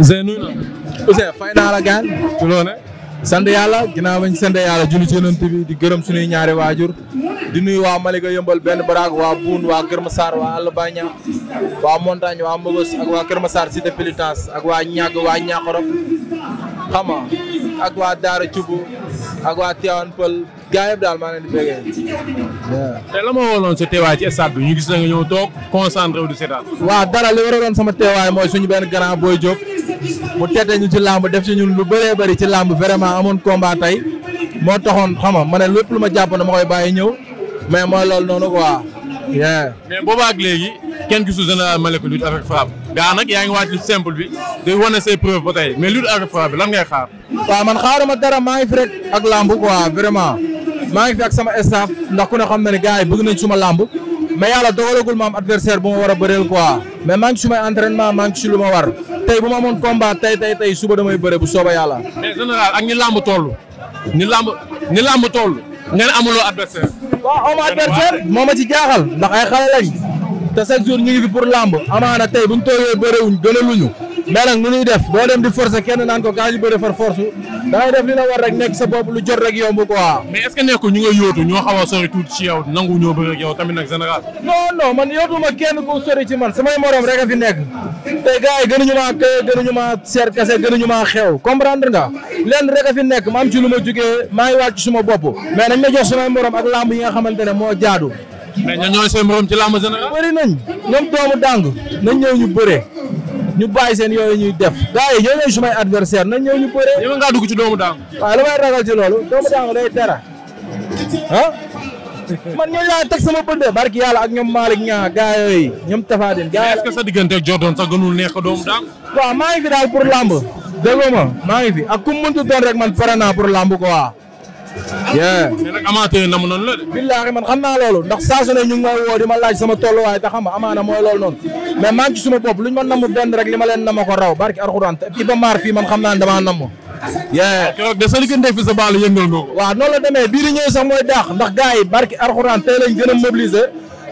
Ousseyn nuyu naa. Ousseyn fay naa sant yàlla ginnaaw bañ sant yàlla julli ci yonent di gërëm suñuy ñaari waajur di nuyu waa Malika yëmbal benn baraag waa Boune waa Kër Massar waa Albaña waa Montagne waa Mbogos ak waa Kër Massar cité Pilitance waa Ñàgg waa Ñaxorop xama ak waa Daara Cubu ak waa Tivaouane Pël gaa daal maa leen di béggee. te la ma woonoon sa teewaay ci stade bi ñu gis na nga ñëw toog concentré wu di waa waaw dara li waraloon sama teewaay mooy suñu benn grand boy Diop mu tette ñu ci làmb def ci ñun lu bëree bari ci làmb vraiment amoon combat tey moo taxoon xam nga ma ne lépp lu ma jàpp ne ma koy bàyyi ñëw mais mooy loolu noonu quoi. mais booba ak léegi. kenn gisul général Malika lutte avec frappe gaa nag yaa ngi waaj lutte simple bi day wane say preuve ba tey mais lutte avec frappe lan ngay xaar. waaw man xaaruma dara maa ngi fi rek ak lamb quoi vraiment maa ngi fi ak sama staff ndax ku ne xam na ne gars yi bëgg nañ suma lamb mais yàlla dogalagul ma am adversaire bu ma war a bëreel quoi mais maa ngi ci sumay entraînement maa ngi ci lu ma war tey bu ma amoon combat tey tey tey suba damay bëre bu sooba yàlla. mais général ak te chaque jour ñu ngi fi pour làmb amaana tey buñ toogee bëréwuñ gën a luñu mais nag nu ñuy def boo dem di forcer kenn naan ko kaa ñu bëri far force dangay def li la war rek nekk sa bopp lu jot rek yomb ko mais est ce que nekkul ñu nga yóotu ñoo xaw a sori tuuti ci yow nangu ñoo bëri ak yow tamit nag général. non non man yóotuma kenn ku sori ci man samay morom rek a fi nekk te gars yi gënuñu maa këy gënuñu maa seer kase gënuñu maa xew comprendre nga lenn rek fi nekk ma ci lu ma jugee maa ngi wàcc suma bopp mais nañ ma jox samay ak lamb yi nga xamante ne moo jaadu. mais ñoo ñooy seen morom ci làmb général. bëri nañ ñoom doomu dàng nañ ñëw ñu bëree ñu bàyyi seen yooyu ñuy def gars yi ñoo ñooy sumay adversaire nañ ñëw ñu bëree. yow ngaa dugg ci doomu dàng. waaw li may ragal ci doomu dàng day dara ah. man ñooñu laa teg sama bënde barki yàlla ak ñoom Malick Niang gars yooyu ñoom Tapha Tine sa diggante ak sa sax neex ko doomu dàng. waaw maa ngi fi daal pour làmb. déggoo ma maa ngi fi ak ku mu mënti rek man pare naa pour làmb ko yee mais nag amateur na mu noonu la de. billaahi man xam naa loolu ndax saa su ñu ngi may ma laaj sama tolluwaay te xam nga amaana mooy loolu noonu mais maa ngi bopp luñ ma namm benn rek li ma leen nama ko raw barki alxuraan te Maar fii man xam naa damaa namm. yee keroog de sa liggéey fi sa baalu yëngal nga ko. waaw noonu la demee bii di sax mooy daax ndax gars yi barki tey lañ gën a mobiliser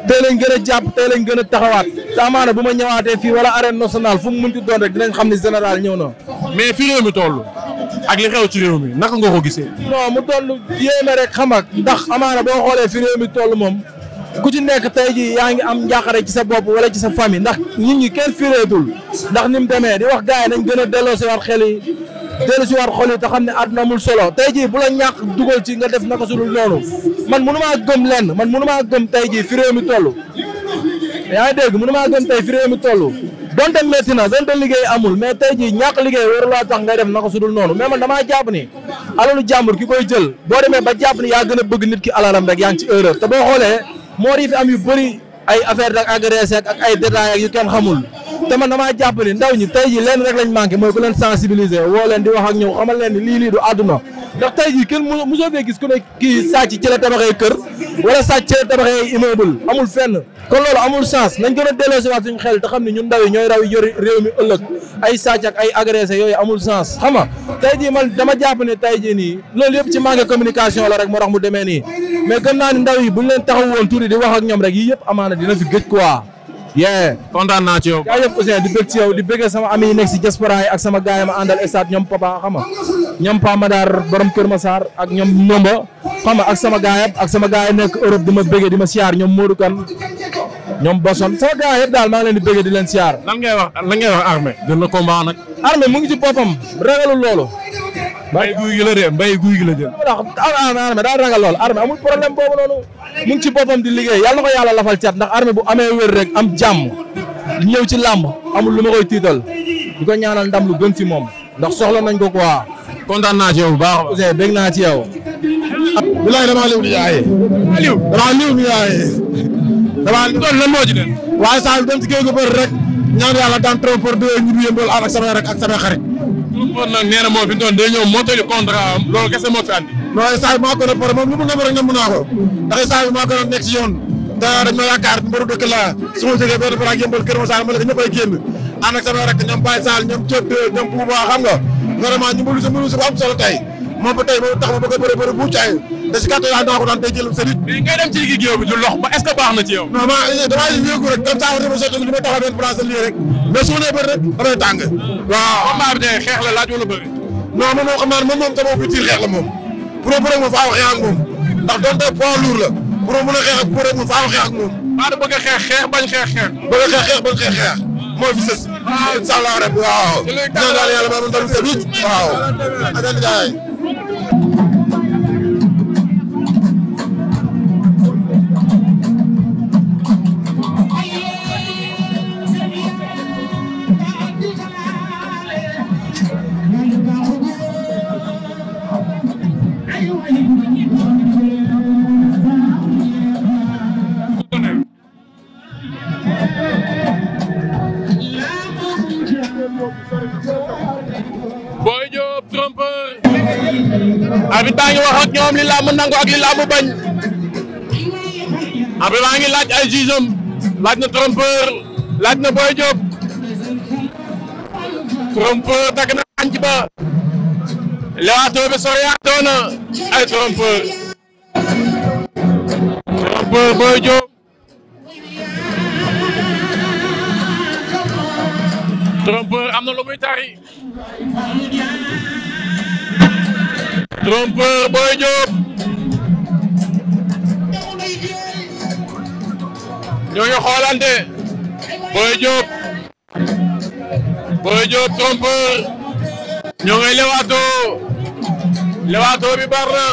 tey lañ gën a jàpp tey lañ gën a taxawaat te bu ma ñëwaatee fii wala arène nationale fu mu munti doon ak li xew ci réew mi naka nga ko gisee. non mu toll yéeme rek xam nga ndax amaana boo xoolee fi réew mi toll moom ku ci nekk tey ji yaa ngi am njàqare ci sa bopp wala ci sa famille ndax nit ñi kenn fireetul ndax ni mu demee di wax gars yi nañ gën a delloosiwaat xel yi delloosiwaat xol yi te xam ne àdduna amul solo tey ji bu la ñàkk dugal ci nga def naka su dul noonu man mënu maa gëm lenn man mënu maa gëm tey ji fi réew mi toll yaa ngi dégg mënu maa gëm tey mi toll donte métti na donte liggéey amul mais tey ji ñàkk liggéey warulaa tax ngay def naka sudul noonu mais man damaa jàpp ni alalu jàmbur ki koy jël boo demee ba jàpp ni yaa gën a bëgg nit ki alalam rek yaa ngi ci erreur te boo xoolee moor yi am yu bëri ay affaire dak agressé ay détails ak yu kenn xamul te man damaa jàpp ndaw ñi tey jii leen rek lañ manqué mooy ku leen sensibiliser woo leen di wax ak ñëw xamal leen ni lii lii du àdduna ndax tey jii kenn mosoo fee gis ku ne kii sàcc ci la tabaxee kër wala sàcc ci la tabaxee immeuble amul fenn kon loolu amul chance nañ gën a delloosiwaat suñu xel te xam ne ñun ndaw yi ñooy raw yi yori réew mi ëllëg ay sàcc ak ay yooyu amul chance xam nga tey jii man dama jàpp ne tey jii nii loolu yëpp ci manque communication la rek moo tax mu demee nii mais gëm naa ne ndaw yi buñ di wax ak ñoom rek yii yëpp amaana dina fi gëj quoi yee kontaan naa ci yow. jaajëf Ousseyn di bëgg ci yow di bëggee sama ami yi nekk si diaspora yi ak sama gaay ma àndal stade ñoom Papa xam ñoom Pa Madar borom Kër Massar ak ñoom Nomba xam ak sama gaay ak sama gaay nekk Europe di ma bëggee di ma siyaar ñoom Modou Kane ñoom Boson sama gaay yëpp daal maa ngi leen di bëggee di leen siyaar. lan ngay wax lan ngay na combat nag. armée mu ngi ci boppam ragalul loolu. mbay guy gi la de mbay guy gi la jël. armée daa ragal lool armée amul problème boobu noonu mu ngi ci boppam di liggéey yàlla na ko yàlla lafal cat ndax armée bu amee wér rek am jàmm ñëw ci làmb amul lu ma koy tiital di ko ñaanal ndam lu gën ci moom ndax soxla nañ ko quoi. kontaan naa ci yow bu baax. Ousseyn bég naa ci yow. bilaay damaa liw di yaaye. damaa liw damaa liw di yaaye. damaa liw loolu lan moo ci dem. waaye saa yu dem ci géej gu bëri rek ñaan yàlla daan trop pour deux ñu yëmbal ak samay rek ak samay xarit moom nag nee na moom fi mu toll day ñëw loolu kese moo fi andi. non instant maa ko doon moom lu mu nëbb rek nëbb ko ndax instant maa ko doon nekk si yoon te dañ ma yaakaar mbaru dëkk laa su ma jógee benn baraag génn ànd ak ñoom Baye Sall ñoom Diop ñoom Bouba xam nga vraiment ñu mbalu si mbalu si bu solo tey moom ba tey moom tax ma bëgg a bëri bëri te si kàttan yàlla naa ko daan tey jëlum sëriñ mais ngay dem ci digg géew bi du lox ba est ce que baax na ci yow non ma eh, damaa yëngu rek comme ça dama sotti li ma taxaw benn place lii rek mais su ma nee bëri rek damay tàng waaw combat bi de xeex la laaj wala bëri non man moom xam naa ne man moom sama bitir xeex la moom pour bëri moom faaw xeex ak moom ndax donte poids lourd la pour mën a xeex ak pour moom faaw xeex ak moom maa bëgg a xeex xeex bañ xeex xeex bëgg a xeex xeex bañ xeex xeex moo fi sës ah. incha allah rek waaw ñaan daal yàlla ma mën dal sëriñ waaw Boy Diop trompeur. arbitre baa ngi wax ak ñoom li làmb nangu ak li làmb bañ. arbitre baa ngi laaj ay jugeem laaj na trompeur laaj na Boy Diop. trompeur dagg na ànc ba. lewaatoo bi soriyaatoo na ay trompeur. trompeur Boy Diop. trompeur am na lu muy tari. trompeur Boy Diop. ñoo ngi xoolante. Boy Diop. Boy Diop trompeur. ñoo ngi lewato. lewato bi bar na.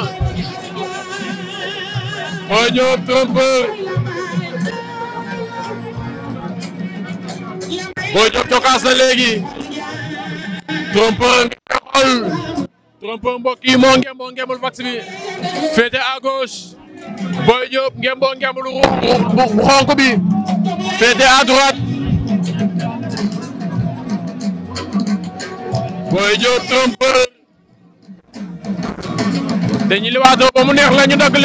Boy Diop Boy Diop cokaas na léegi trompeur nga xool trompeur mbokk yi moo ngem bi féete à gauche Boy Diop ngem boo ngemul xonk bi féete à droite Boy Diop trompeur mu neex la ñu dagg bi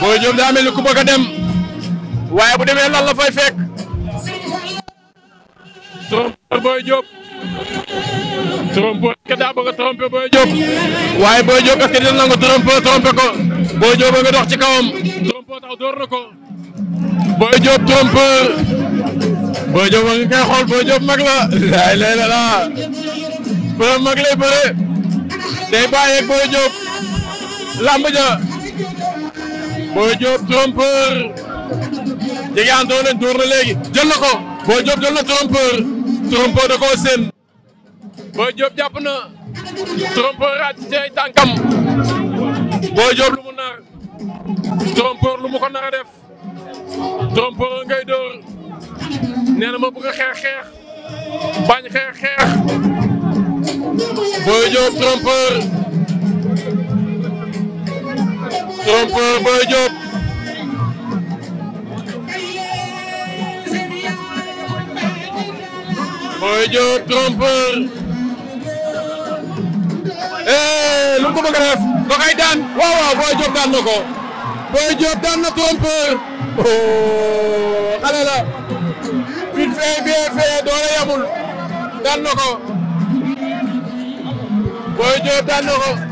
Boy Diop daa mel ni ku bëgg a dem waaye bu demee la fay fekk trompeur Boy Diop trompeur ka daa bëgg a trompé Boy Diop waaye Boy Diop est-ce nangu trompeur trompé ko Boy Diop a nga dox ci kawam trompeur na ko Boy Diop trompeur Boy Diop xool Boy Diop mag la laay lay la laa bëre mag lay bëre day bàyyeeg Boy Diop lamb ja Boy Diop trompeur Ndiéguène doole door na léegi jël na ko Boy Diop jël na trompeur da koo seen. Boy Diop jàpp na trompeur raaj ci ay tànkam lu mu nar lu mu ko a def trompeur ngay door nee na ma bëgg xeex xeex bañ xeex xeex Boy Diop trompeur. trompeur Boy Diop Boy Diop trompeur eh lu mu ko bëgg a def da koy daan waaw waaw Boy Diop daan na ko Boy Diop daan na trompeur oh xale la vite fait bien fait doole yamul daan na ko Boy Diop daan na ko